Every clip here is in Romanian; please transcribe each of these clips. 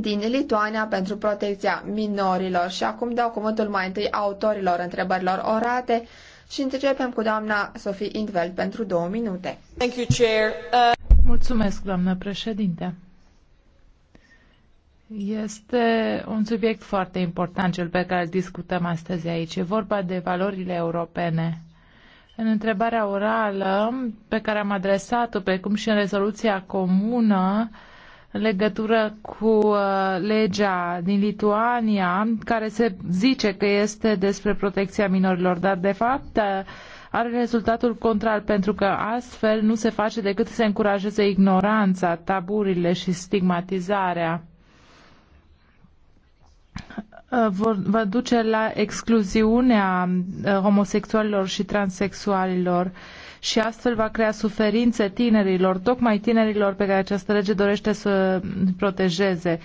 din Lituania pentru protecția minorilor și acum dau cuvântul mai întâi autorilor întrebărilor orate și începem cu doamna Sophie Intveld pentru două minute. Thank you, Chair. Uh... Mulțumesc, doamnă președinte. Este un subiect foarte important cel pe care îl discutăm astăzi aici. E vorba de valorile europene. În întrebarea orală pe care am adresat-o, precum și în rezoluția comună, uh, în legătură cu uh, legea din Lituania, care se zice că este despre protecția minorilor, dar de fapt uh, are rezultatul contrar, pentru că astfel nu se face decât să se încurajeze ignoranța, taburile și stigmatizarea. Uh, vor, vă duce la excluziunea uh, homosexualilor și transexualilor și astfel va crea suferințe tinerilor, tocmai tinerilor pe care această lege dorește să protejeze.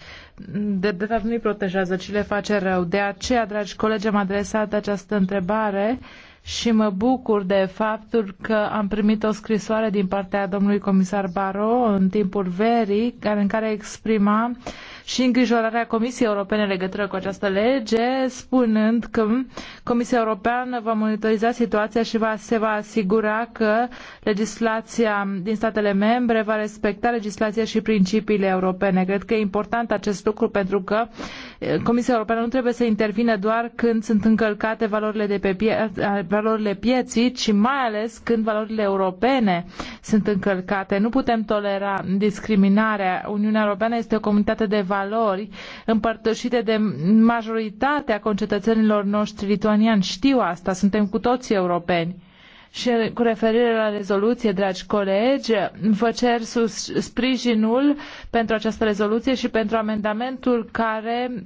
De, de fapt nu îi protejează, ci le face rău. De aceea, dragi colegi, am adresat această întrebare și mă bucur de faptul că am primit o scrisoare din partea domnului comisar Baro în timpul verii, care, în care exprima uh, și îngrijorarea Comisiei Europene în legătură cu această lege, spunând că Comisia Europeană va monitoriza situația și va, se va asigura că legislația din statele membre va respecta legislația și principiile europene. Cred că e important acest lucru pentru că eh, Comisia Europeană nu trebuie să intervină doar când sunt încălcate valorile, de pe pie- valorile pieții, ci mai ales când valorile europene sunt încălcate. Nu putem tolera discriminarea. Uniunea Europeană este o comunitate de valori împărtășite de majoritatea concetățenilor noștri lituaniani. Știu asta, suntem cu toții europeni. Și cu referire la rezoluție, dragi colegi, vă cer sus, sprijinul pentru această rezoluție și pentru amendamentul care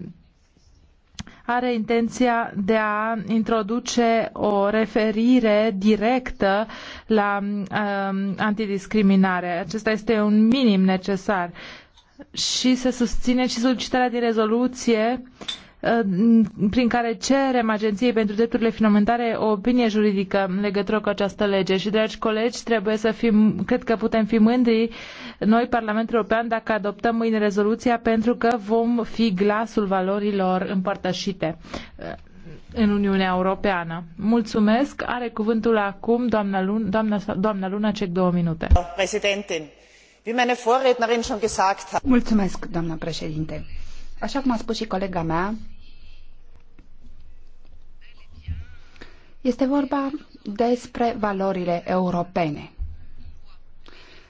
are intenția de a introduce o referire directă la um, antidiscriminare. Acesta este un minim necesar. Uh, și se susține și solicitarea din rezoluție uh, prin care cerem Agenției pentru Drepturile Fundamentale o opinie juridică în legătură cu această lege. Și, dragi colegi, trebuie să fim, cred că putem fi mândri noi, Parlamentul European, dacă adoptăm mâine rezoluția, pentru că vom fi glasul valorilor împărtășite uh, în Uniunea Europeană. Mulțumesc. Are cuvântul acum doamna, Luna, doamna, doamna două minute. Președinte. Mulțumesc, doamnă președinte. Așa cum a spus și colega mea, este vorba despre valorile europene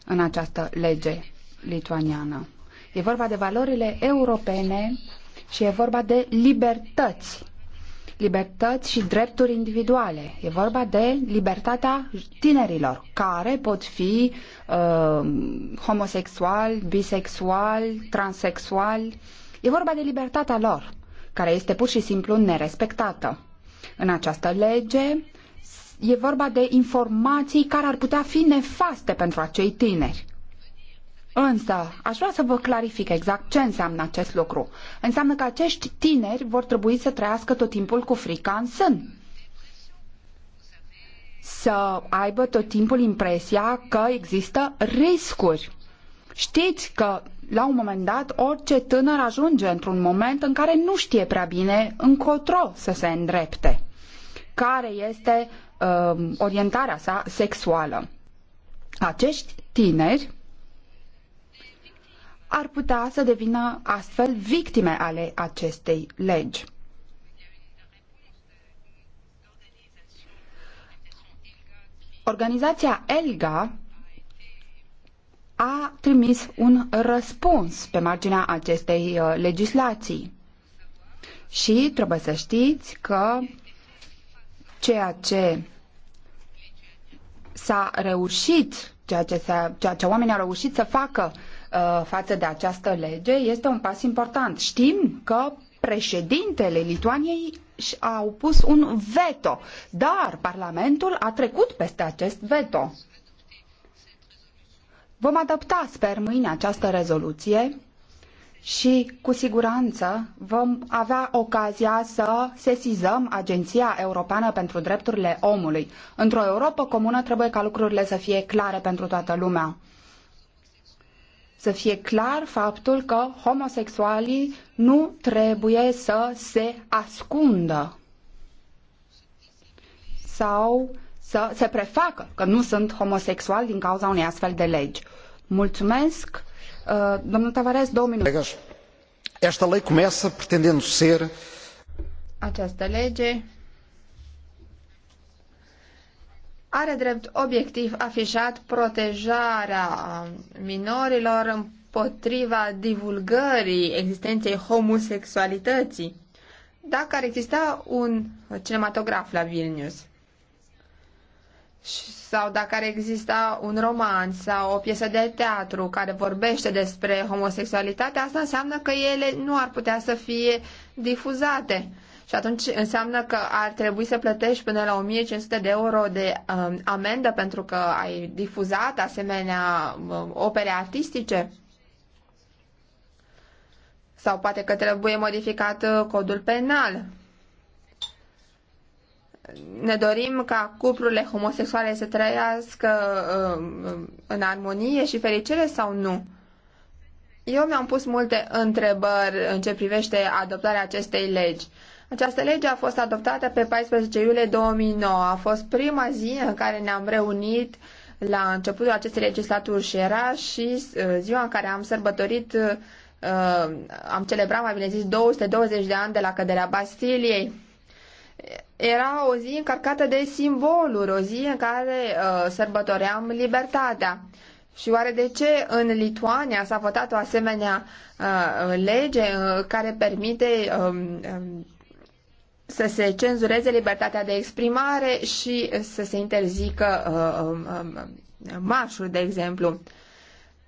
în această lege lituaniană. E vorba de valorile europene și e vorba de libertăți libertăți și drepturi individuale. E vorba de libertatea tinerilor care pot fi uh, homosexuali, bisexuali, transexuali. E vorba de libertatea lor, care este pur și simplu nerespectată. În această lege e vorba de informații care ar putea fi nefaste pentru acei tineri. Însă, aș vrea să vă clarific exact ce înseamnă acest lucru. Înseamnă că acești tineri vor trebui să trăiască tot timpul cu frica în sân. Să aibă tot timpul impresia că există riscuri. Știți că la un moment dat, orice tânăr ajunge într-un moment în care nu știe prea bine încotro să se îndrepte, care este uh, orientarea sa sexuală. Acești tineri ar putea să devină astfel victime ale acestei legi. Organizația ELGA a trimis un răspuns pe marginea acestei uh, legislații. Și trebuie să știți că ceea ce s-a reușit, ceea ce, ceea ce oamenii au reușit să facă Uh, față de această lege este un pas important. Știm că președintele Lituaniei a pus un veto, dar Parlamentul a trecut peste acest veto. Vom adopta, sper, mâine această rezoluție și cu siguranță vom avea ocazia să sesizăm Agenția Europeană pentru Drepturile Omului. Într-o Europa comună trebuie ca lucrurile să fie clare pentru toată lumea să fie clar faptul că homosexualii nu trebuie să se ascundă sau să se prefacă că nu sunt homosexuali din cauza unei astfel de legi. Mulțumesc. Uh, domnul Tavares, două minute. Esta lei começa pretendendo ser... Această lege are drept obiectiv afișat protejarea um, minorilor împotriva divulgării existenței homosexualității. Dacă ar exista un cinematograf la Vilnius sau dacă ar exista un roman sau o piesă de teatru care vorbește despre homosexualitate, asta înseamnă că ele nu ar putea să fie difuzate și atunci înseamnă că ar trebui să plătești până la 1500 de euro de um, amendă pentru că ai difuzat asemenea um, opere artistice? Sau poate că trebuie modificat uh, codul penal? ne dorim ca cuplurile homosexuale să trăiască um, um, în armonie și fericire sau nu? Eu mi-am pus multe întrebări în ce privește adoptarea acestei legi. Această lege a fost adoptată pe 14 iulie 2009. A fost prima zi în care ne-am reunit la începutul acestei legislaturi și era și uh, ziua în care am sărbătorit, uh, am celebrat, mai bine zis, 220 de ani de la căderea Bastiliei. Era o zi încărcată de simboluri, o zi în care uh, sărbătoream libertatea. Și oare de ce în Lituania s-a votat o asemenea uh, lege uh, care permite uh, să se cenzureze libertatea de exprimare și să se interzică uh, um, um, marșul, de exemplu.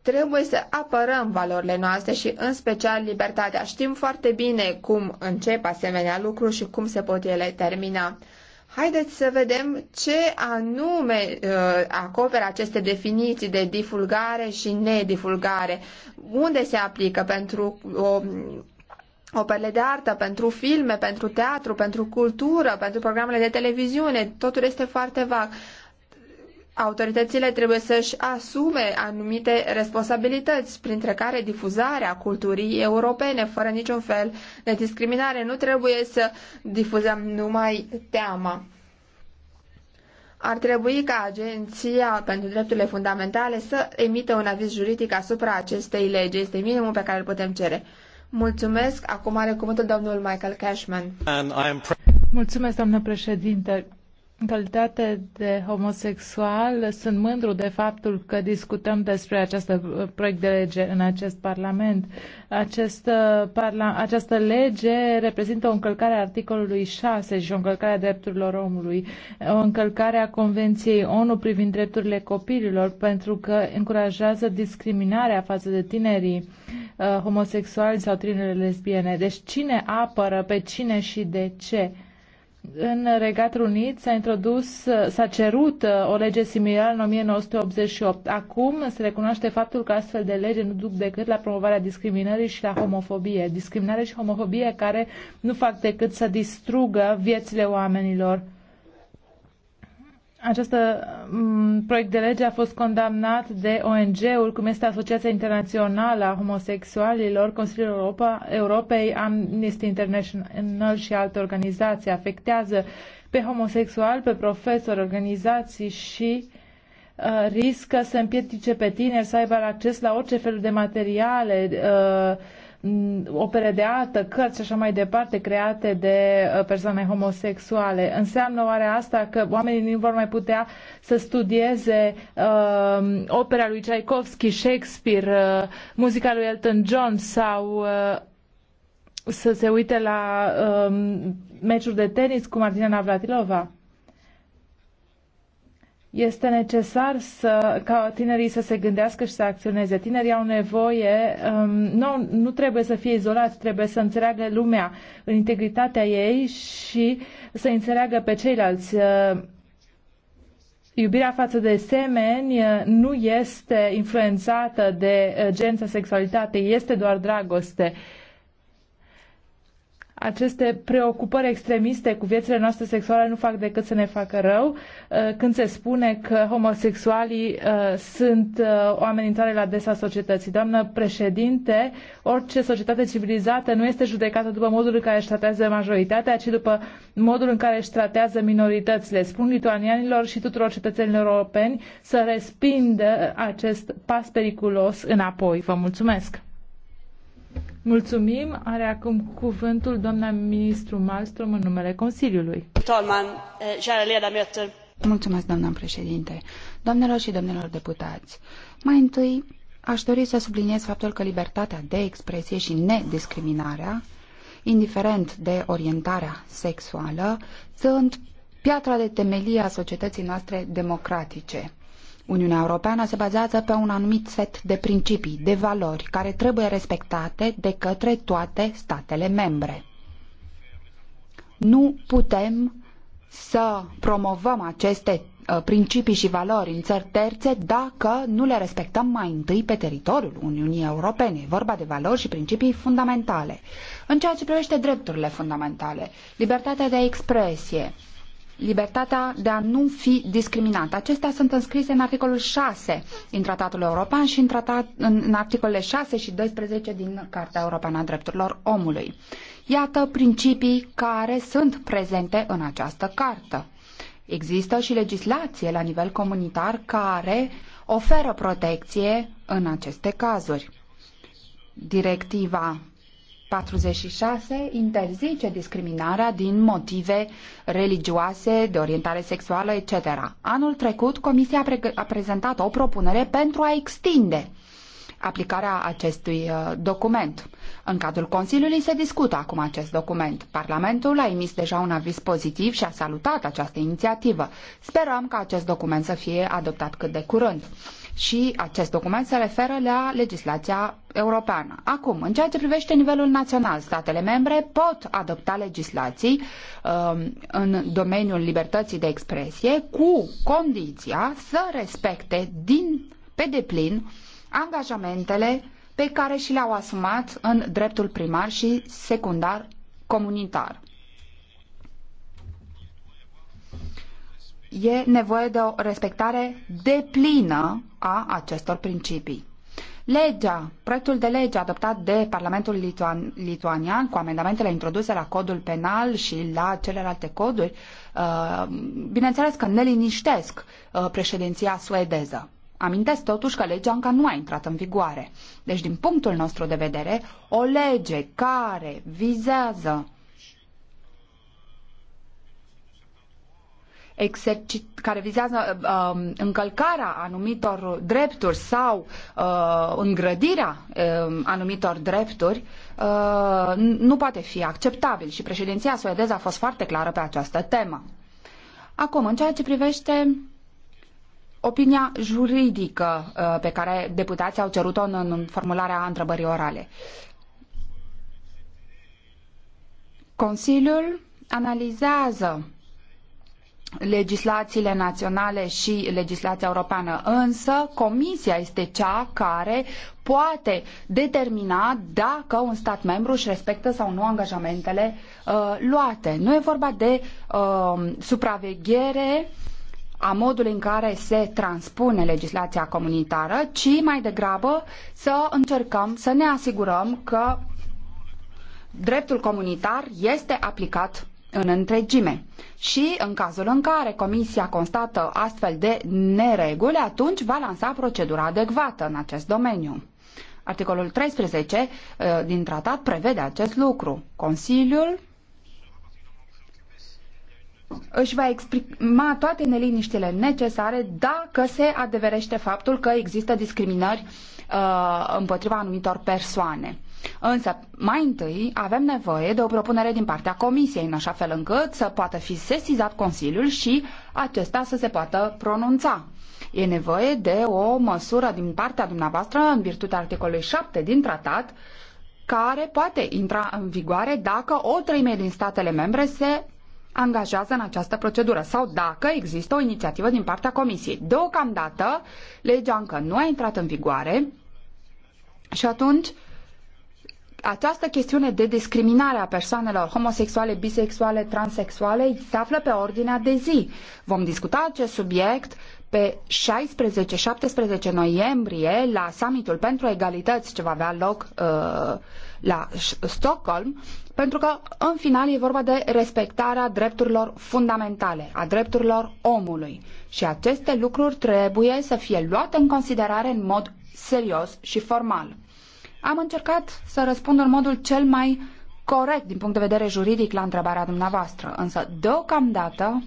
Trebuie să apărăm valorile noastre și în special libertatea. Știm foarte bine cum încep asemenea lucruri și cum se pot ele termina. Haideți să vedem ce anume uh, acoperă aceste definiții de difulgare și nedifulgare. Unde se aplică pentru o operele de artă, pentru filme, pentru teatru, pentru cultură, pentru programele de televiziune, totul este foarte vag. Autoritățile trebuie să-și asume anumite responsabilități, printre care difuzarea culturii europene, fără niciun fel de discriminare. Nu trebuie să difuzăm numai teama. Ar trebui ca Agenția pentru Drepturile Fundamentale să emită un aviz juridic asupra acestei legi. Este minimul pe care îl putem cere. Mulțumesc. Acum are cuvântul domnul Michael Cashman. Mulțumesc, doamnă președinte. În calitate de homosexual, sunt mândru de faptul că discutăm despre acest uh, proiect de lege în acest Parlament. Acest, uh, parla, această lege reprezintă o încălcare a articolului 6 și o încălcare a drepturilor omului, o încălcare a Convenției ONU privind drepturile copiilor, pentru că încurajează discriminarea față de tinerii uh, homosexuali sau tinerii lesbiene. Deci cine apără pe cine și de ce? În Regatul Unit s-a introdus, s-a cerut uh, o lege similară în 1988. Acum se recunoaște faptul că astfel de lege nu duc decât la promovarea discriminării și la homofobie. Discriminare și homofobie care nu fac decât să distrugă viețile oamenilor acest mm, proiect de lege a fost condamnat de ONG-ul, cum este Asociația Internațională a Homosexualilor, Consiliul Europa, Europei, Amnesty International și alte organizații. Afectează pe homosexual, pe profesori, organizații și uh, riscă să împiedice pe tineri să aibă acces la orice fel de materiale uh, Mm, opere de artă, cărți și așa mai departe create de uh, persoane homosexuale. Înseamnă oare asta că oamenii nu vor mai putea să studieze uh, opera lui Tchaikovsky, Shakespeare, uh, muzica lui Elton John sau uh, să se uite la uh, meciuri de tenis cu Martina Navratilova? Este necesar să, ca tinerii să se gândească și să acționeze. Tinerii au nevoie, um, nu, nu trebuie să fie izolați, trebuie să înțeleagă lumea în integritatea ei și să înțeleagă pe ceilalți. Uh, iubirea față de semeni uh, nu este influențată de uh, gen sau sexualitate, este doar dragoste. Uh, aceste preocupări extremiste cu viețile noastre sexuale nu fac decât să ne facă rău. Uh, când se spune că homosexualii uh, sunt uh, o amenințare la adresa societății. Doamnă președinte, orice societate civilizată nu este judecată după modul în care își tratează majoritatea, ci după modul în care își tratează minoritățile. Spun lituanianilor și tuturor cetățenilor europeni să respindă acest pas periculos înapoi. Vă mulțumesc! Mulțumim. Are acum cuvântul doamna ministru Malmström în numele Consiliului. Eh, Mulțumesc, doamna președinte. Doamnelor și domnilor deputați, mai întâi aș dori să subliniez faptul că libertatea de expresie și nediscriminarea, indiferent de orientarea sexuală, sunt piatra de temelie a societății noastre democratice. Uniunea Europeană se bazează pe un anumit set de principii, de valori, care trebuie respectate de către toate statele membre. Nu putem să promovăm aceste uh, principii și valori în țări terțe dacă nu le respectăm mai întâi pe teritoriul Uniunii Europene. vorba de valori și principii fundamentale. În ceea ce privește drepturile fundamentale, libertatea de expresie, libertatea de a nu fi discriminat. Acestea sunt înscrise în articolul 6 din Tratatul European și în, tratat, în, în articolele 6 și 12 din Cartea Europeană a Drepturilor Omului. Iată principii care sunt prezente în această cartă. Există și legislație la nivel comunitar care oferă protecție în aceste cazuri. Directiva 46 interzice discriminarea din motive religioase, de orientare sexuală, etc. Anul trecut, Comisia a, pre- a prezentat o propunere pentru a extinde aplicarea acestui uh, document. În cadrul Consiliului se discută acum acest document. Parlamentul a emis deja un aviz pozitiv și a salutat această inițiativă. Sperăm ca acest document să fie adoptat cât de curând și acest document se referă la legislația europeană. Acum, în ceea ce privește nivelul național, statele membre pot adopta legislații um, în domeniul libertății de expresie cu condiția să respecte din pe deplin angajamentele pe care și le-au asumat în dreptul primar și secundar comunitar. e nevoie de o respectare deplină a acestor principii. Legea, proiectul de lege adoptat de Parlamentul Lituan, lituanian cu amendamentele introduse la codul penal și la celelalte coduri, uh, bineînțeles că ne liniștesc uh, președinția suedeză. Amintesc totuși că legea încă nu a intrat în vigoare. Deci, din punctul nostru de vedere, o lege care vizează exercit, care vizează uh, încălcarea anumitor drepturi sau uh, îngrădirea uh, anumitor drepturi uh, nu poate fi acceptabil și președinția suedeză a fost foarte clară pe această temă. Acum, în ceea ce privește opinia juridică uh, pe care deputații au cerut-o în, în formularea întrebării orale. Consiliul analizează legislațiile naționale și legislația europeană. Însă, Comisia este cea care poate determina dacă un stat membru își respectă sau nu angajamentele uh, luate. Nu e vorba de uh, supraveghere a modului în care se transpune legislația comunitară, ci mai degrabă să încercăm să ne asigurăm că dreptul comunitar este aplicat în întregime. Și în cazul în care Comisia constată astfel de nereguli, atunci va lansa procedura adecvată în acest domeniu. Articolul 13 uh, din tratat prevede acest lucru. Consiliul își va exprima toate neliniștile necesare dacă se adeverește faptul că există discriminări uh, împotriva anumitor persoane. Însă, mai întâi, avem nevoie de o propunere din partea Comisiei, în așa fel încât să poată fi sesizat Consiliul și acesta să se poată pronunța. E nevoie de o măsură din partea dumneavoastră, în virtutea articolului 7 din tratat, care poate intra în vigoare dacă o treime din statele membre se angajează în această procedură sau dacă există o inițiativă din partea Comisiei. Deocamdată, legea încă nu a intrat în vigoare și atunci această chestiune de discriminare a persoanelor homosexuale, bisexuale, transexuale se află pe ordinea de zi. Vom discuta acest subiect pe 16-17 noiembrie la summitul pentru egalități ce va avea loc uh, la Stockholm, pentru că în final e vorba de respectarea drepturilor fundamentale, a drepturilor omului. Și aceste lucruri trebuie să fie luate în considerare în mod serios și formal. Am încercat să răspund în modul cel mai corect din punct de vedere juridic la întrebarea dumneavoastră, însă deocamdată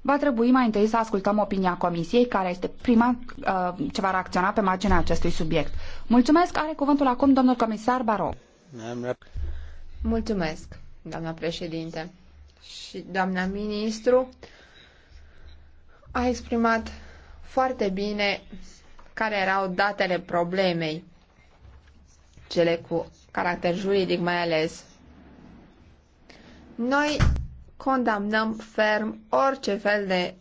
va trebui mai întâi să ascultăm opinia comisiei, care este prima uh, ce va reacționa pe marginea acestui subiect. Mulțumesc, are cuvântul acum domnul comisar Baro. Mulțumesc, doamna președinte și doamna ministru. A exprimat foarte bine care erau datele problemei cele cu caracter juridic mai ales. Noi condamnăm ferm orice fel de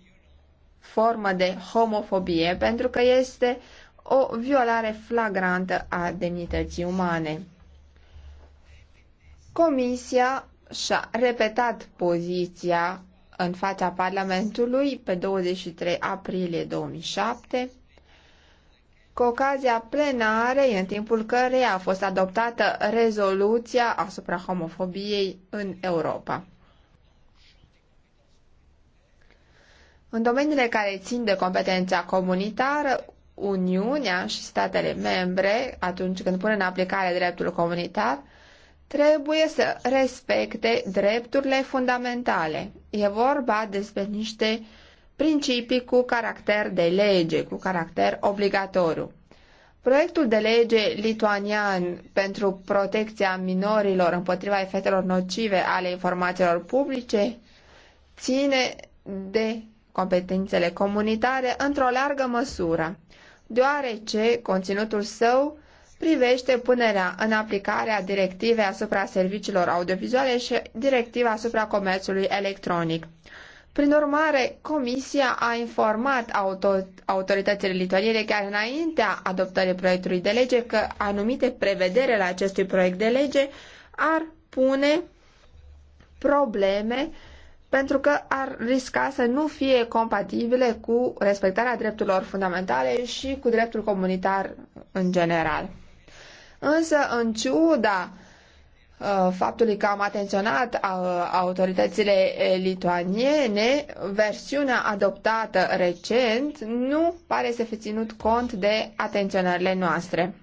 formă de homofobie pentru că este o violare flagrantă a demnității umane. Comisia și-a repetat poziția în fața Parlamentului pe 23 aprilie 2007 cu ocazia plenarei în timpul căreia a fost adoptată rezoluția asupra homofobiei în Europa. În domeniile care țin de competența comunitară, Uniunea și statele membre, atunci când pun în aplicare dreptul comunitar, trebuie să respecte drepturile fundamentale. E vorba despre niște uh, principii cu caracter de lege, cu caracter obligatoriu. Proiectul de lege lituanian pentru protecția minorilor împotriva efectelor nocive ale informațiilor publice ține de competențele comunitare într-o largă măsură, deoarece conținutul său privește punerea în aplicare a directivei asupra serviciilor audiovizuale și directiva asupra comerțului electronic. Prin urmare, Comisia a informat auto- autoritățile lituaniene chiar înaintea adoptării proiectului de lege că anumite prevedere la acestui proiect de lege ar pune probleme pentru că ar risca să nu fie compatibile cu respectarea drepturilor fundamentale și cu dreptul comunitar în general. Însă, în ciuda Uh, faptului că am atenționat uh, autoritățile uh, lituaniene, versiunea adoptată recent nu pare să fi ținut cont de atenționările noastre.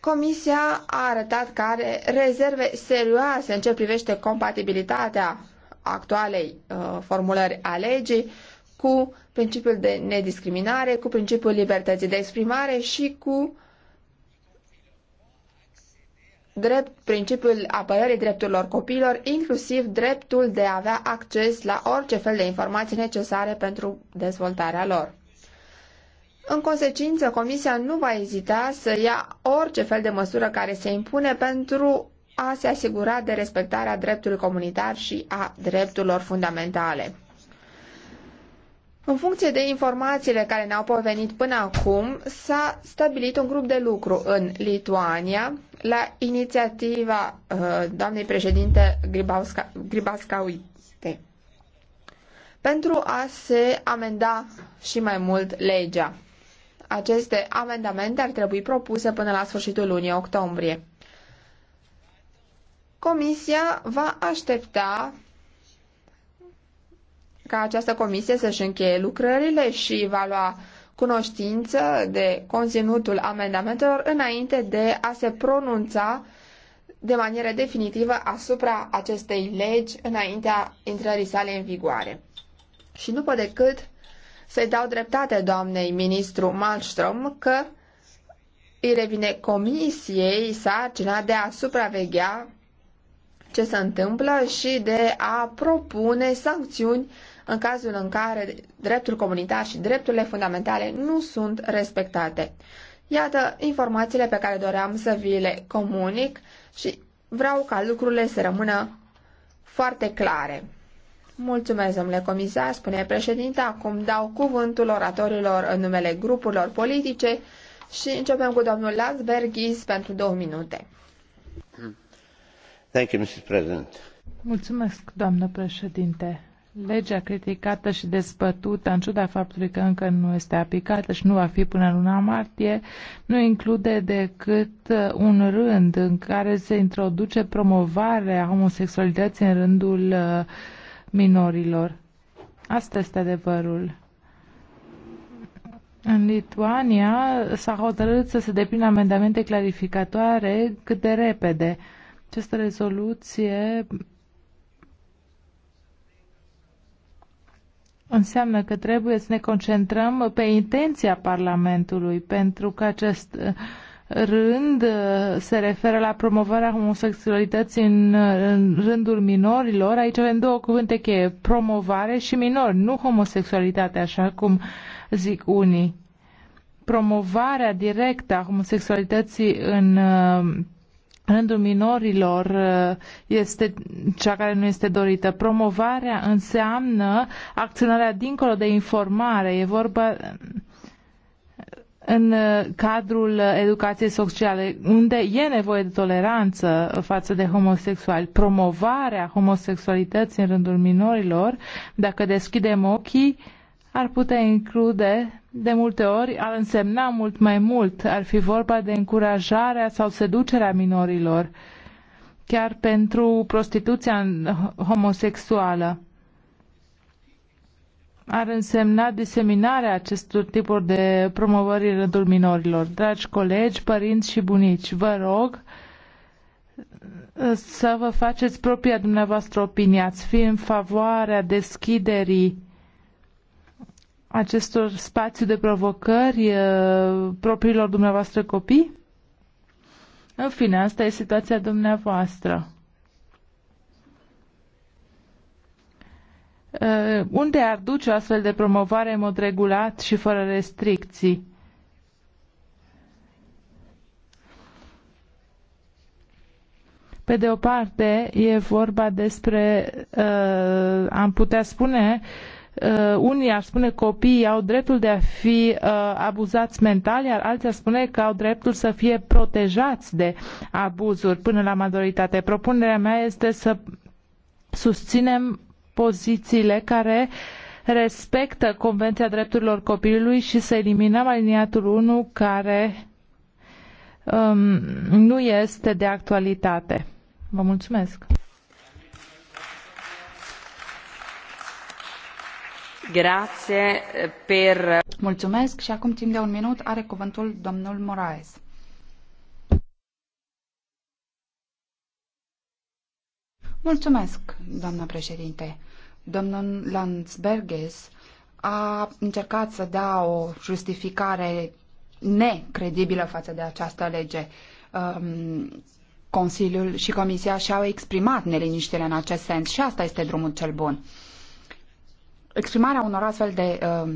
Comisia a arătat că are rezerve serioase în ce privește compatibilitatea actualei uh, formulări a legii cu principiul de nediscriminare, cu principiul libertății de exprimare și cu drept principiul apărării drepturilor copiilor, inclusiv dreptul de a avea acces la orice fel de informații necesare pentru dezvoltarea lor. În consecință, Comisia nu va ezita să ia orice fel de măsură care se impune pentru a se asigura de respectarea dreptului comunitar și a drepturilor fundamentale. În funcție de informațiile care ne-au povenit până acum, s-a stabilit un grup de lucru în Lituania la inițiativa uh, doamnei președinte Gribascaite pentru a se amenda și mai mult legea. Aceste amendamente ar trebui propuse până la sfârșitul lunii octombrie. Comisia va aștepta ca această comisie să-și încheie lucrările și va lua cunoștință de conținutul amendamentelor înainte de a se pronunța de manieră definitivă asupra acestei legi înaintea intrării sale în vigoare. Și nu pot decât să-i dau dreptate doamnei ministru Malmström că îi revine comisiei sarcina de a supraveghea ce se întâmplă și de a propune sancțiuni în cazul în care dreptul comunitar și drepturile fundamentale nu sunt respectate. Iată informațiile pe care doream să vi le comunic și vreau ca lucrurile să rămână foarte clare. Mulțumesc, domnule comisar, spune președinta, Acum dau cuvântul oratorilor în numele grupurilor politice și începem cu domnul Lansbergis pentru două minute. Thank you, Mrs. President. Mulțumesc, doamnă președinte. Legea criticată și despătută, în ciuda faptului că încă nu este aplicată și nu va fi până luna martie, nu include decât uh, un rând în care se introduce promovarea homosexualității în rândul uh, minorilor. Asta este adevărul. În Lituania s-a hotărât să se depină amendamente clarificatoare cât de repede. Această rezoluție Înseamnă că trebuie să ne concentrăm pe intenția Parlamentului, pentru că acest uh, rând uh, se referă la promovarea homosexualității în, uh, în rândul minorilor. Aici avem două cuvinte cheie, promovare și minor, nu homosexualitate, așa cum zic unii. Promovarea directă a homosexualității în rândul minorilor uh, este cea care nu este dorită. Promovarea înseamnă acționarea dincolo de informare. E vorba în uh, cadrul educației sociale, unde e nevoie de toleranță față de homosexuali. Promovarea homosexualității în rândul minorilor, dacă deschidem ochii, ar putea include de multe ori ar însemna mult mai mult. Ar fi vorba de încurajarea sau seducerea minorilor, chiar pentru prostituția homosexuală. Ar însemna diseminarea acestor tipuri de promovări în rândul minorilor. Dragi colegi, părinți și bunici, vă rog să vă faceți propria dumneavoastră opinie. Ați fi în favoarea deschiderii acestor spațiu de provocări uh, propriilor dumneavoastră copii? În fine, asta e situația dumneavoastră. Uh, unde ar duce o astfel de promovare în mod regulat și fără restricții? Pe de o parte, e vorba despre, uh, am putea spune, uh, uh, unii ar spune copiii au dreptul de a fi uh, abuzați mental, iar alții ar spune că au dreptul să fie protejați de abuzuri până la majoritate. Propunerea mea este să susținem pozițiile care respectă Convenția Drepturilor Copilului și să eliminăm aliniatul 1 care um, nu este de actualitate. Vă mulțumesc! Grazie eh, per... Mulțumesc și acum timp de un minut are cuvântul domnul Moraes. Mulțumesc, doamnă președinte. Domnul Landsbergis a încercat să dea o justificare necredibilă față de această lege. Um, Consiliul și Comisia și-au exprimat neliniștile în acest sens și asta este drumul cel bun exprimarea unor astfel de uh,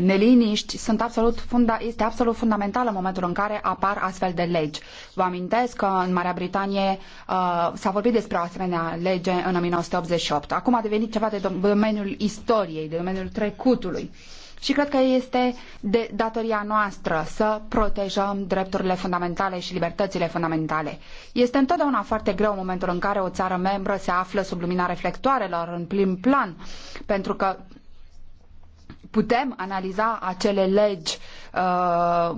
neliniști sunt absolut funda, este absolut fundamentală în momentul în care apar astfel de legi. Vă amintesc că în Marea Britanie uh, s-a vorbit despre o asemenea lege în 1988. Acum a devenit ceva de domeniul istoriei, de domeniul trecutului. Uh, și cred că este de datoria noastră să protejăm drepturile fundamentale și libertățile fundamentale. Este întotdeauna foarte greu momentul în care o țară membră se află sub lumina reflectoarelor, în plin plan, pentru că putem analiza acele legi uh,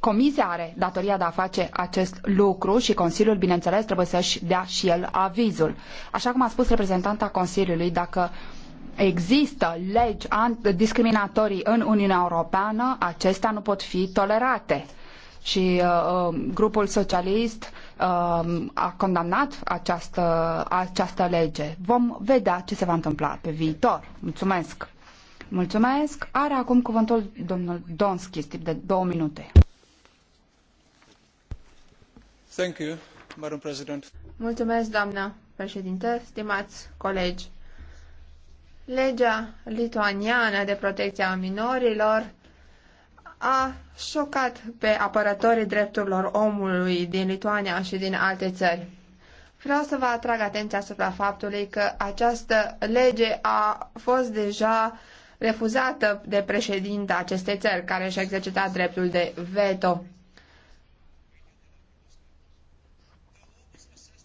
Comisia are datoria de a face acest lucru și Consiliul, bineînțeles, trebuie să-și dea și el avizul. Așa cum a spus reprezentanta Consiliului, dacă uh, există legi discriminatorii în Uniunea Europeană, acestea nu pot fi tolerate. Și uh, uh, grupul socialist uh, a condamnat această, această lege. Vom vedea ce se va întâmpla pe viitor. Mulțumesc! Mulțumesc! Are acum cuvântul domnul Donski, timp de două minute. Thank you, Madam President. Mulțumesc, doamnă președinte, stimați colegi. Legea lituaniană de protecție a minorilor a șocat pe apărătorii drepturilor omului din Lituania și din alte țări. Vreau să vă atrag atenția asupra faptului că această lege a fost deja refuzată de președinta acestei țări, care și-a exercitat dreptul de veto.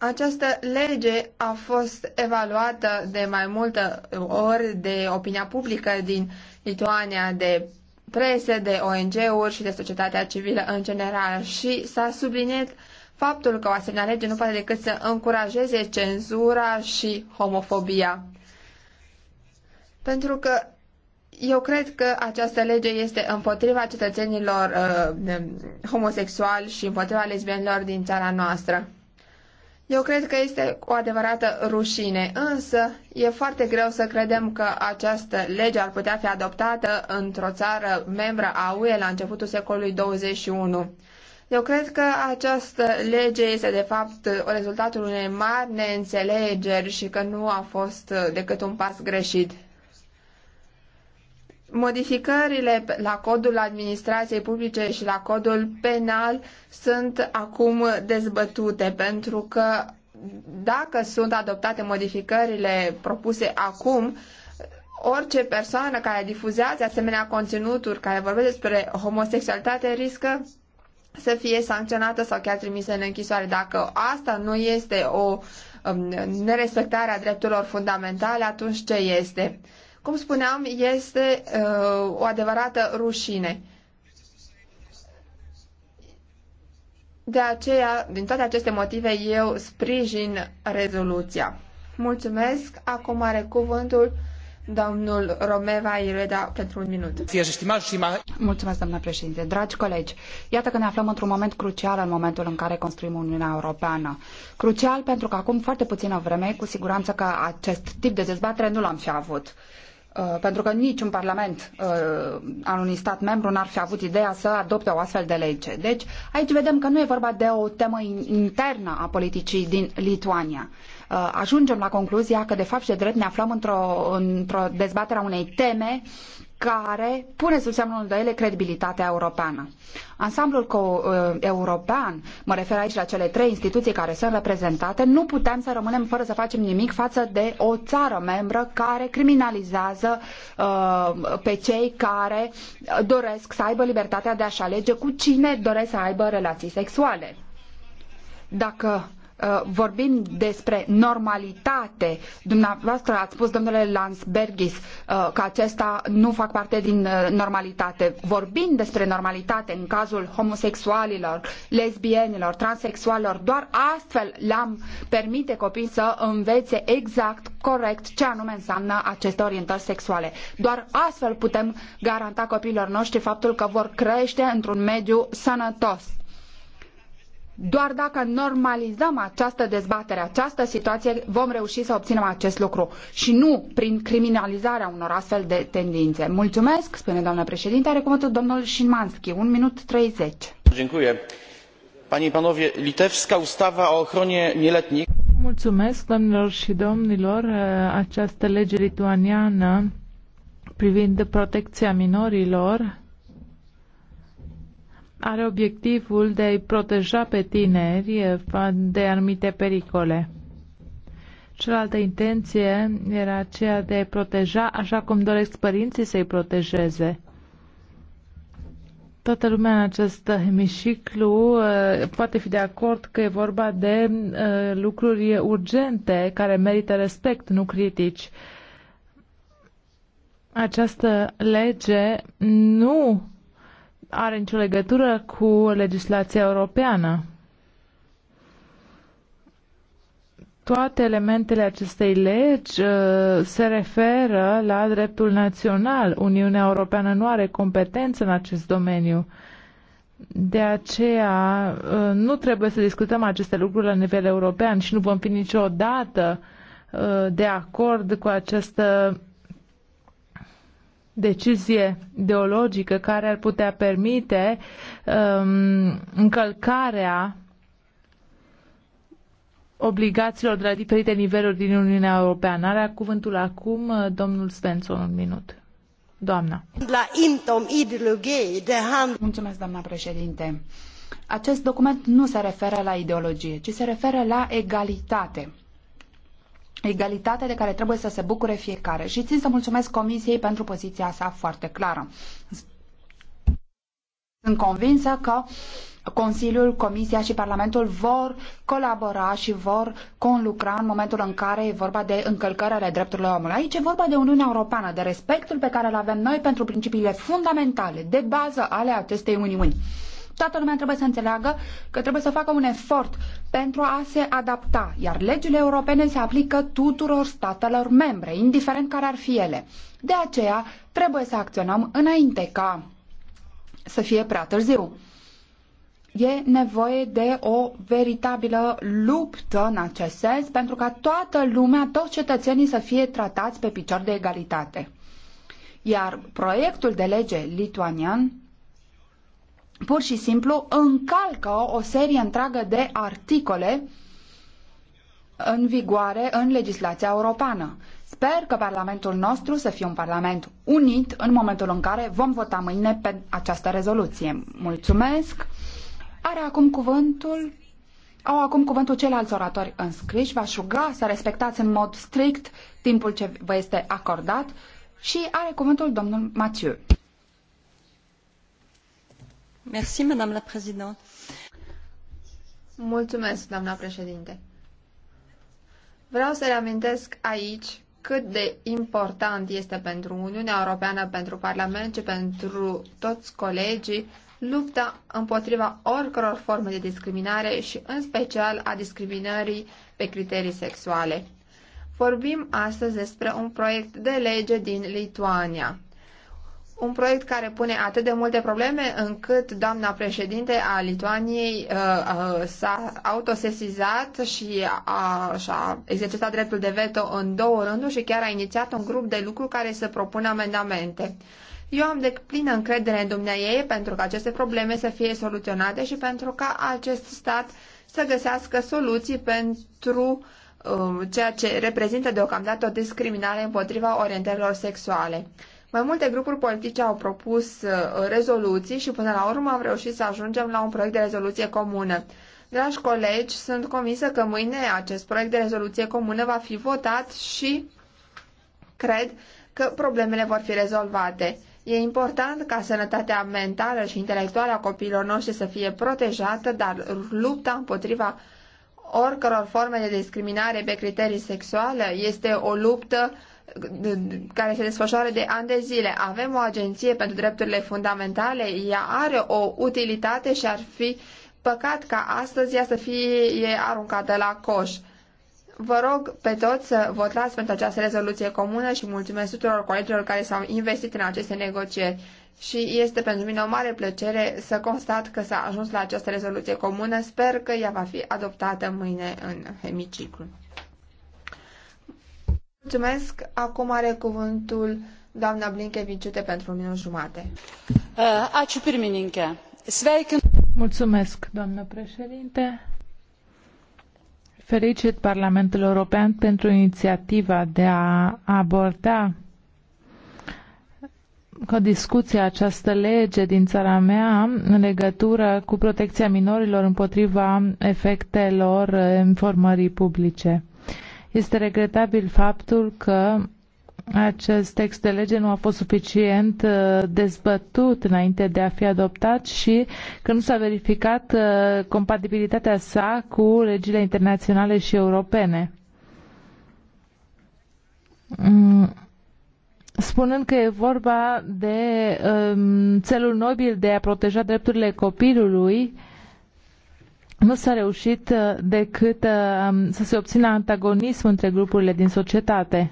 Această lege a fost evaluată de mai multe ori de opinia publică din Lituania, de presă, de ONG-uri și de societatea civilă în general și s-a subliniat faptul că o asemenea lege nu poate decât să încurajeze cenzura și homofobia. Pentru că eu cred că această lege este împotriva cetățenilor uh, homosexuali și împotriva lesbienilor din țara noastră. Eu cred că este o adevărată rușine, însă e foarte greu să credem că această lege ar putea fi adoptată într-o țară membră a UE la începutul secolului 21. Eu cred că această lege este de fapt rezultatul unei mari neînțelegeri și că nu a fost decât un pas greșit. Modificările la codul administrației publice și la codul penal sunt acum dezbătute pentru că dacă sunt adoptate modificările propuse acum, orice persoană care difuzează asemenea conținuturi care vorbesc despre homosexualitate riscă să fie sancționată sau chiar trimisă în închisoare. Dacă asta nu este o um, nerespectare a drepturilor fundamentale, atunci ce este? Cum spuneam, este uh, o adevărată rușine. De aceea, din toate aceste motive, eu sprijin rezoluția. Mulțumesc. Acum are cuvântul domnul Romeva Ireda pentru un minut. Mulțumesc, doamna președinte. Dragi colegi, iată că ne aflăm într-un moment crucial în momentul în care construim Uniunea Europeană. Crucial pentru că acum foarte puțină vreme, cu siguranță că acest tip de dezbatere nu l-am fi avut. Uh, pentru că niciun parlament uh, al unui stat membru n-ar fi avut ideea să adopte o astfel de lege. Deci aici vedem că nu e vorba de o temă internă a politicii din Lituania. Uh, ajungem la concluzia că de fapt și de drept ne aflăm într-o într, într -o dezbatere a unei teme care pune sub semnul îndoiele credibilitatea europeană. Ansamblul co- uh, european, mă refer aici la cele trei instituții care sunt reprezentate, nu putem să rămânem fără să facem nimic față de o țară membră care criminalizează uh, pe cei care doresc să aibă libertatea de a-și alege cu cine doresc să aibă relații sexuale. Dacă uh, Uh, vorbim despre normalitate, dumneavoastră ați spus, domnule Lansbergis, uh, că acesta nu fac parte din uh, normalitate. Vorbim despre normalitate în cazul homosexualilor, lesbienilor, transexualilor, doar astfel le-am permite copiii să învețe exact, corect, ce anume înseamnă aceste orientări sexuale. Doar astfel putem garanta copiilor noștri faptul că vor crește într-un mediu sănătos. Doar dacă normalizăm această dezbatere, această situație, vom reuși să obținem acest lucru și nu prin criminalizarea unor astfel de tendințe. Mulțumesc, spune doamna președinte, are cuvântul domnul Șimanski, un minut 30. Dziękuję. Panie i panowie, litewska ustawa o ochronie nieletnich. Mulțumesc, domnilor și domnilor, această lege lituaniană privind protecția minorilor are obiectivul de a-i proteja pe tineri de anumite pericole. Cealaltă intenție era aceea de a-i proteja așa cum doresc părinții să-i protejeze. Toată lumea în acest hemiciclu uh, poate fi de acord că e vorba de uh, lucruri urgente care merită respect, nu critici. Această lege nu are nicio legătură cu legislația europeană. Toate elementele acestei legi uh, se referă la dreptul național. Uniunea Europeană nu are competență în acest domeniu. De aceea uh, nu trebuie să discutăm aceste lucruri la nivel european și nu vom fi niciodată uh, de acord cu această decizie ideologică care ar putea permite um, încălcarea obligațiilor de la diferite niveluri din Uniunea Europeană. Are cuvântul acum uh, domnul Svensson, un minut. Doamna. Mulțumesc, doamna președinte. Acest document nu se referă la ideologie, ci se referă la egalitate egalitate de care trebuie să se bucure fiecare. Și țin să mulțumesc Comisiei pentru poziția sa foarte clară. Sunt convinsă că Consiliul, Comisia și Parlamentul vor colabora și vor conlucra în momentul în care e vorba de încălcări ale drepturilor omului. Aici e vorba de Uniunea Europeană, de respectul pe care îl avem noi pentru principiile fundamentale, de bază ale acestei Uniuni. Toată lumea trebuie să înțeleagă că trebuie să facă un efort pentru a se adapta, iar legile europene se aplică tuturor statelor membre, indiferent care ar fi ele. De aceea, trebuie să acționăm înainte ca să fie prea târziu. E nevoie de o veritabilă luptă în acest sens pentru ca toată lumea, toți cetățenii să fie tratați pe picior de egalitate. Iar proiectul de lege lituanian pur și simplu încalcă o serie întreagă de articole în vigoare în legislația europeană. Sper că Parlamentul nostru să fie un Parlament unit în momentul în care vom vota mâine pe această rezoluție. Mulțumesc! Are acum cuvântul au acum cuvântul ceilalți oratori înscriși. V-aș ruga să respectați în mod strict timpul ce vă este acordat și are cuvântul domnul Mathieu. Mulțumesc, doamna președinte. Vreau să reamintesc aici cât de important este pentru Uniunea Europeană, pentru Parlament și pentru toți colegii lupta împotriva oricăror forme de discriminare și în special a discriminării pe criterii sexuale. Vorbim astăzi despre un proiect de lege din Lituania, un proiect care pune atât de multe probleme încât doamna președinte a Lituaniei uh, uh, s-a autosesizat și a, și-a exercitat dreptul de veto în două rânduri și chiar a inițiat un grup de lucru care să propună amendamente. Eu am de plină încredere în dumneaei pentru ca aceste probleme să fie soluționate și pentru ca acest stat să găsească soluții pentru uh, ceea ce reprezintă deocamdată o discriminare împotriva orientărilor sexuale. Mai multe grupuri politice au propus uh, rezoluții și până la urmă am reușit să ajungem la un proiect de rezoluție comună. Dragi colegi, sunt convinsă că mâine acest proiect de rezoluție comună va fi votat și cred că problemele vor fi rezolvate. E important ca sănătatea mentală și intelectuală a copiilor noștri să fie protejată, dar lupta împotriva oricăror forme de discriminare pe criterii sexuale este o luptă care se desfășoară de ani de zile. Avem o agenție pentru drepturile fundamentale, ea are o utilitate și ar fi păcat ca astăzi ea să fie aruncată la coș. Vă rog pe toți să votați pentru această rezoluție comună și mulțumesc tuturor colegilor care s-au investit în aceste negocieri. Și este pentru mine o mare plăcere să constat că s-a ajuns la această rezoluție comună. Sper că ea va fi adoptată mâine în hemiciclu. Mulțumesc. Acum are cuvântul doamna Blinkeviciute pentru un minut jumate. Uh, Aciu pirmininke. Mulțumesc, doamnă președinte. Felicit Parlamentul European pentru inițiativa de a aborda cu discuția această lege din țara mea în legătură cu protecția minorilor împotriva efectelor informării publice. Este regretabil faptul că acest text de lege nu a fost suficient uh, dezbătut înainte de a fi adoptat și că nu s-a verificat uh, compatibilitatea sa cu legile internaționale și europene. Mm, spunând că e vorba de um, țelul nobil de a proteja drepturile copilului, uh, nu s-a reușit uh, decât uh, um, să se obțină antagonism între grupurile din societate.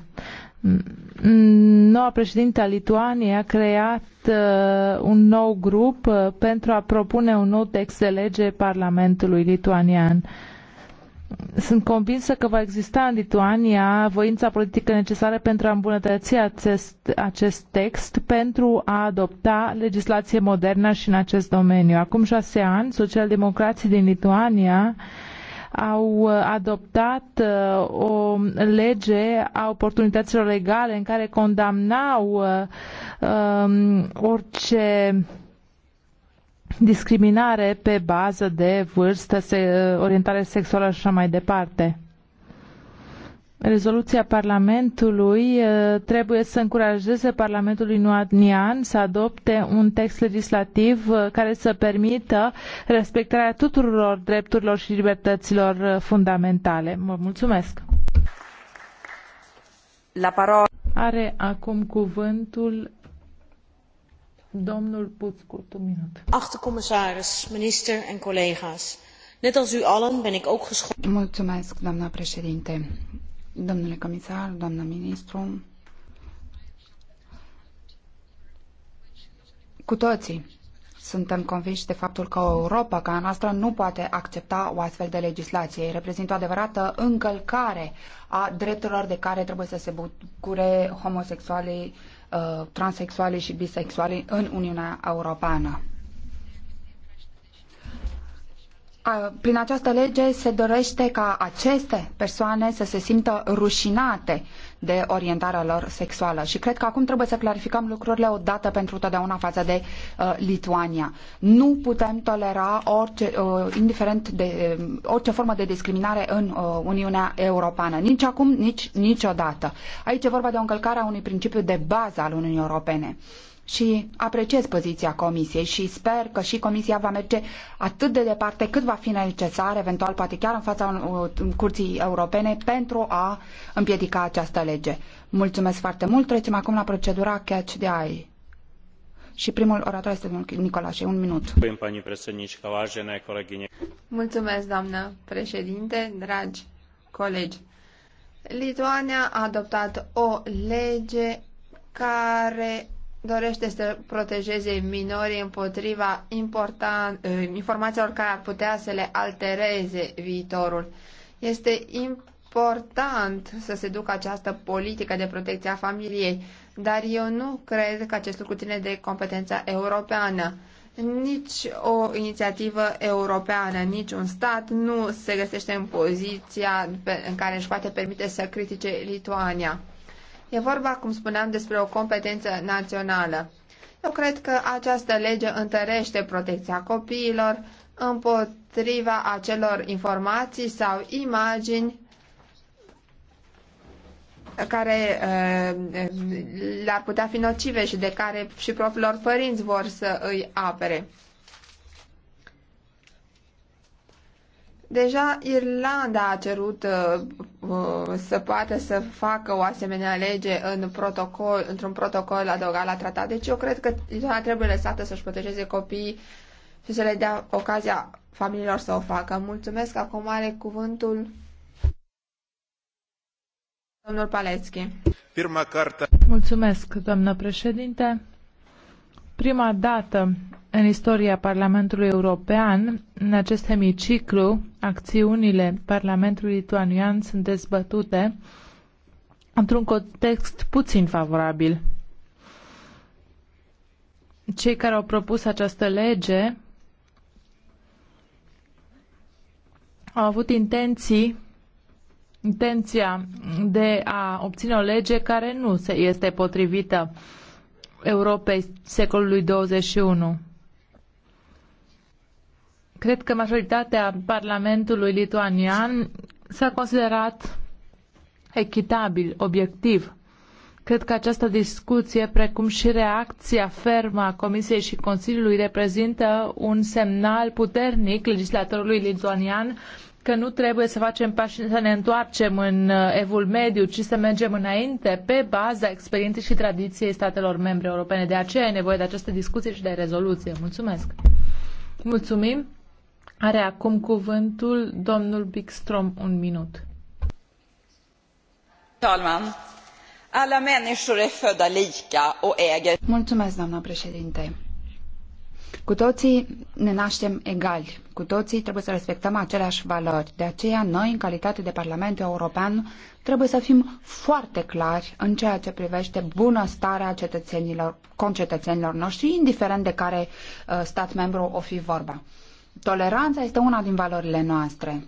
Noua președintă a Lituaniei a creat uh, un nou grup pentru a propune un nou text de lege Parlamentului lituanian. Sunt convinsă că va exista în Lituania voința politică necesară pentru a îmbunătăți acest, acest text, pentru a adopta legislație modernă și în acest domeniu. Acum șase ani, socialdemocrații din Lituania au adoptat uh, o lege a oportunităților legale în care condamnau uh, um, orice discriminare pe bază de vârstă, se, orientare sexuală și așa mai departe. Rezoluția Parlamentului uh, trebuie să încurajeze Parlamentul lituanian să adopte un text legislativ uh, care să permită respectarea tuturor drepturilor și libertăților uh, fundamentale. Mă mulțumesc. La parola. Are acum cuvântul Domnul commissaris, minister en collega's. Net als u allen ben ik ook geschokt. președinte. Domnule comisar, doamna ministru, cu toții suntem convinși de faptul că Europa ca a noastră nu poate accepta o astfel de legislație. Reprezintă o adevărată încălcare a drepturilor de care trebuie să se bucure homosexualii Uh, transexuale și bisexuale în Uniunea Europeană. Prin această lege se dorește ca aceste persoane să se simtă rușinate de orientarea lor sexuală. Și cred că acum trebuie să clarificăm lucrurile odată pentru totdeauna față de uh, Lituania. Nu putem tolera orice, uh, indiferent de uh, orice formă de discriminare în uh, Uniunea Europeană. Nici acum, nici niciodată. Aici e vorba de o încălcare a unui principiu de bază al Uniunii Europene. Uh, și apreciez poziția Comisiei și sper că și Comisia va merge atât de departe cât va fi necesar, eventual poate chiar în fața Curții Europene, pentru a împiedica această lege. Mulțumesc foarte mult. Trecem acum la procedura Catch the Eye. Și primul orator este domnul Nicolae. Un minut. Mulțumesc, doamnă președinte, dragi colegi. Lituania a adoptat o lege care dorește să protejeze minorii împotriva eh, informațiilor care ar putea să le altereze viitorul. Este important să se ducă această politică de protecție a familiei, dar eu nu cred că acest lucru ține de competența europeană. Nici o inițiativă europeană, nici un stat nu se găsește în poziția în care își poate permite să critique Lituania. E vorba, cum spuneam, despre o competență națională. Eu cred că această lege întărește protecția copiilor împotriva acelor informații sau imagini care uh, le-ar putea fi nocive și de care și propriilor părinți vor să îi apere. Deja Irlanda a cerut uh, să poată să facă o asemenea lege în protocol, într-un protocol adăugat la tratat. Deci eu cred că Irlanda trebuie lăsată să-și protejeze copiii și să le dea ocazia familiilor să o facă. Mulțumesc. Acum are cuvântul domnul Paleschi. Firma Carta. Mulțumesc, doamnă președinte prima dată în istoria Parlamentului European, în acest hemiciclu, acțiunile Parlamentului lituanian sunt dezbătute într-un context puțin favorabil. Cei care au propus această lege au avut intenții intenția de a obține o lege care nu este potrivită Europei secolului 21. Cred că majoritatea Parlamentului lituanian s-a considerat echitabil, obiectiv. Cred că această discuție, precum și reacția fermă a Comisiei și Consiliului, reprezintă un semnal puternic legislatorului lituanian că nu trebuie să facem pași, să ne întoarcem în uh, evul mediu, ci să mergem înainte pe baza experienței și tradiției statelor membre europene. De aceea e nevoie de această discuție și de rezoluție. Mulțumesc! Mulțumim! Are acum cuvântul domnul Bigstrom un minut. Talman. Alla människor är födda lika och äger... Mulțumesc, doamna președinte. Cu toții ne naștem egali, cu toții trebuie să respectăm aceleași valori. De aceea, noi, în calitate de Parlament European, trebuie să fim foarte clari în ceea ce privește bunăstarea cetățenilor, concetățenilor noștri, indiferent de care uh, stat membru o fi vorba. Toleranța este una din valorile noastre.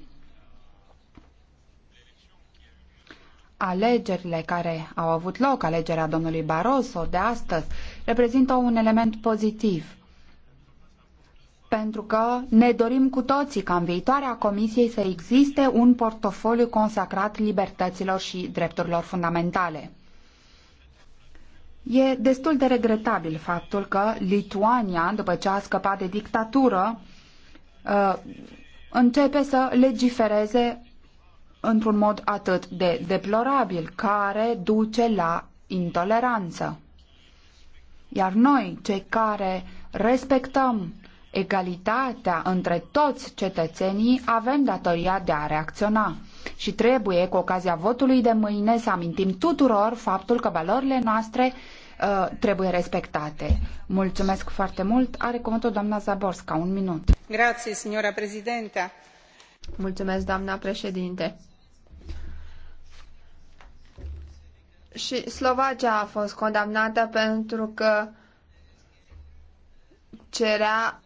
Alegerile care au avut loc, alegerea domnului Barroso de astăzi, reprezintă un element pozitiv – pentru că ne dorim cu toții ca în viitoarea Comisiei să existe un portofoliu consacrat libertăților și drepturilor fundamentale. E destul de regretabil faptul că Lituania, după ce a scăpat de dictatură, uh, începe să legifereze într-un mod atât de deplorabil, care duce la intoleranță. Iar noi, cei care respectăm egalitatea între toți cetățenii, avem datoria de a reacționa. Și trebuie, cu ocazia votului de mâine, să amintim tuturor faptul că valorile noastre uh, trebuie respectate. Mulțumesc foarte mult. Are cuvântul doamna Zaborska. Un minut. Grație, signora președinte. Mulțumesc, doamna președinte. Și Slovacia a fost condamnată pentru că cerea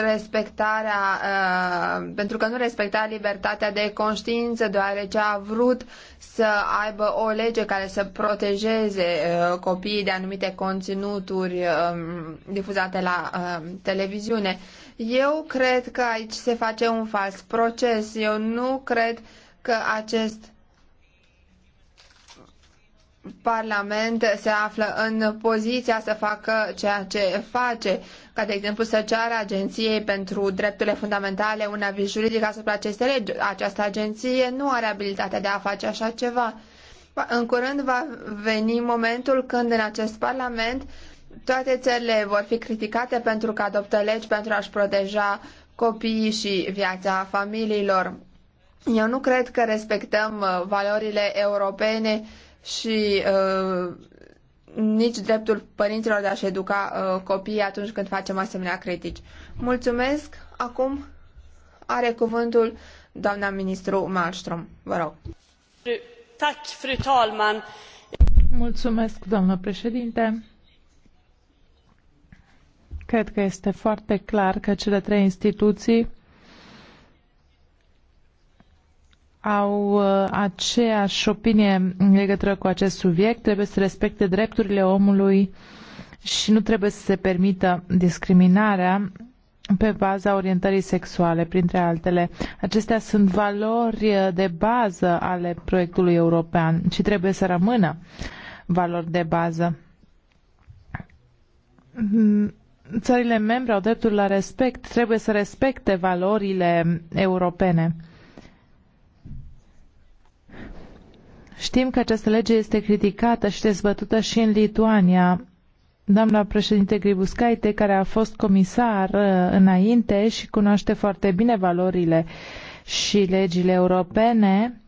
respectarea, uh, pentru că nu respecta libertatea de conștiință, deoarece a vrut să aibă o lege care să protejeze uh, copiii de anumite conținuturi uh, difuzate la uh, televiziune. Eu cred că aici se face un fals proces. Eu nu cred că acest Parlament se află în poziția să facă ceea ce face, ca de exemplu să ceară Agenției pentru Drepturile Fundamentale un aviz juridic asupra acestei legi. Această agenție nu are abilitatea de a face așa ceva. În curând va veni momentul când în acest Parlament toate țările vor fi criticate pentru că adoptă legi pentru a-și proteja copiii și viața familiilor. Eu nu cred că respectăm uh, valorile europene și uh, nici dreptul părinților de a-și educa uh, copiii atunci când facem asemenea critici. Mulțumesc. Acum are cuvântul doamna ministru Malmström. Vă rog. Mulțumesc, doamnă președinte. Cred că este foarte clar că cele trei instituții au uh, aceeași opinie în legătură cu acest subiect, trebuie să respecte drepturile omului și nu trebuie să se permită discriminarea pe baza orientării sexuale, printre altele. Acestea sunt valori uh, de bază ale proiectului european și trebuie să rămână valori de bază. Țările membre au dreptul la respect, trebuie să respecte valorile europene. Știm că această lege este criticată și dezbătută și în Lituania. Doamna președinte Gribuscaite, care a fost comisar uh, înainte și cunoaște foarte bine valorile și legile europene,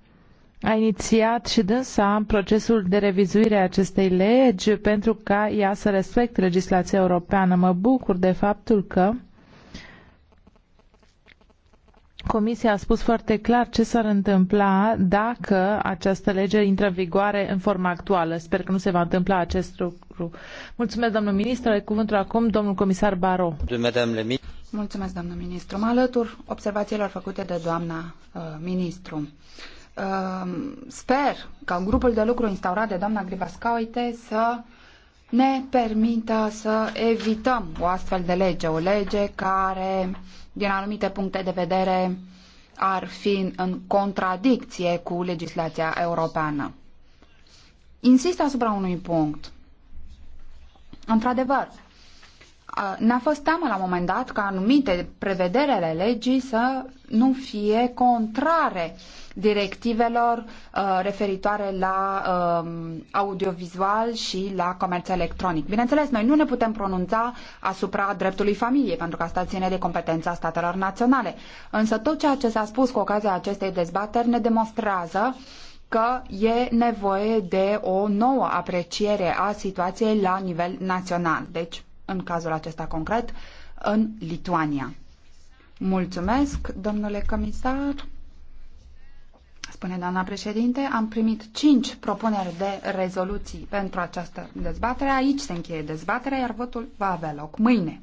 a inițiat și dânsa procesul de revizuire a acestei legi pentru ca ea să respecte legislația europeană. Mă bucur de faptul că Comisia a spus foarte clar ce s-ar întâmpla dacă această lege intră în vigoare în forma actuală. Sper că nu se va întâmpla acest lucru. Mulțumesc, domnul ministru. Are cuvântul acum domnul comisar Baro. Mulțumesc, domnul ministru. Mă alătur observațiilor făcute de doamna uh, ministru. Uh, sper ca grupul de lucru instaurat de doamna Grivascaoite să uh, ne permită să evităm o astfel de lege, o lege care, din anumite puncte de vedere, ar fi în contradicție cu legislația europeană. Insist asupra unui punct. Într-adevăr, ne-a fost teamă la un moment dat ca anumite prevedere ale legii să nu fie contrare directivelor uh, referitoare la um, audiovizual și la comerț electronic. Bineînțeles, noi nu ne putem pronunța asupra dreptului familiei, pentru că asta ține de competența statelor naționale. Însă tot ceea ce s-a spus cu ocazia acestei dezbateri ne demonstrează că e nevoie de o nouă apreciere a situației la nivel național. Deci, în cazul acesta concret, în Lituania. Mulțumesc, domnule comisar. Spune doamna președinte, am primit cinci propuneri de rezoluții pentru această dezbatere. Aici se încheie dezbaterea, iar votul va avea loc mâine.